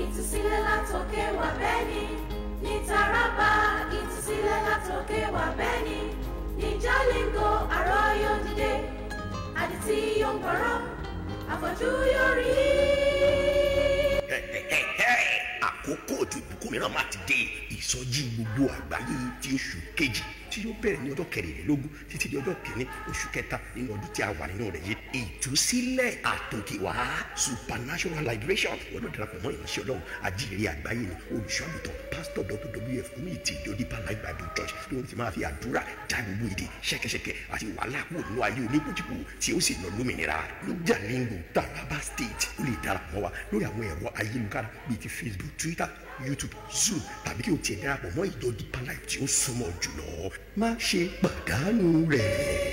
ìtúsílẹ̀ látòkè wà bẹ́ẹ̀ ni ní Taraba ìtúsílẹ̀ látòkè wà bẹ́ẹ̀ ni ní Jalingo àrọ́ yóò dìde àdìtí yóò ń gbọ́rọ̀ àfọ̀jú yóò rí. àkókò tí ìbùkún mìíràn máa ti dé ìsọjí gbogbo àgbáyé ti oṣù kejì tí yóò bẹ̀rẹ̀ ní ọjọ́ kẹrìnlélógún títí di ọjọ́ kìíní oṣù kẹta nínú ọdún tí a wà nínú rẹ̀ yìí ìtúsílẹ̀ àtòkèwá supernatural liberation wọ́n darapọ̀ mọ́ ìránṣẹ́ ọlọ́run ajíhìnrere àgbáyé ni olùṣọ́àgùtàn pásítọ̀ dr wf wíìtì ìjọdípa láìgbàdo church tí wọ́n ti máa fi àdúrà já gbogbo èdè ṣẹ́kẹ́ṣẹkẹ̀ àti wàhálà kúrò nínú ayé oníkùtìkù tí ó sì lọ lómìnira ló jà ní gbòǹtaraba state ó lè darapọ̀ wa lórí àwọn ẹ̀rọ ayélujára bíi ti facebook twitter youtube zoom tàbí kí o tiẹ̀ darapọ̀ mọ́ ìjọ tí ó súnmọ́ jùlọ má ṣe pàdánù rẹ̀.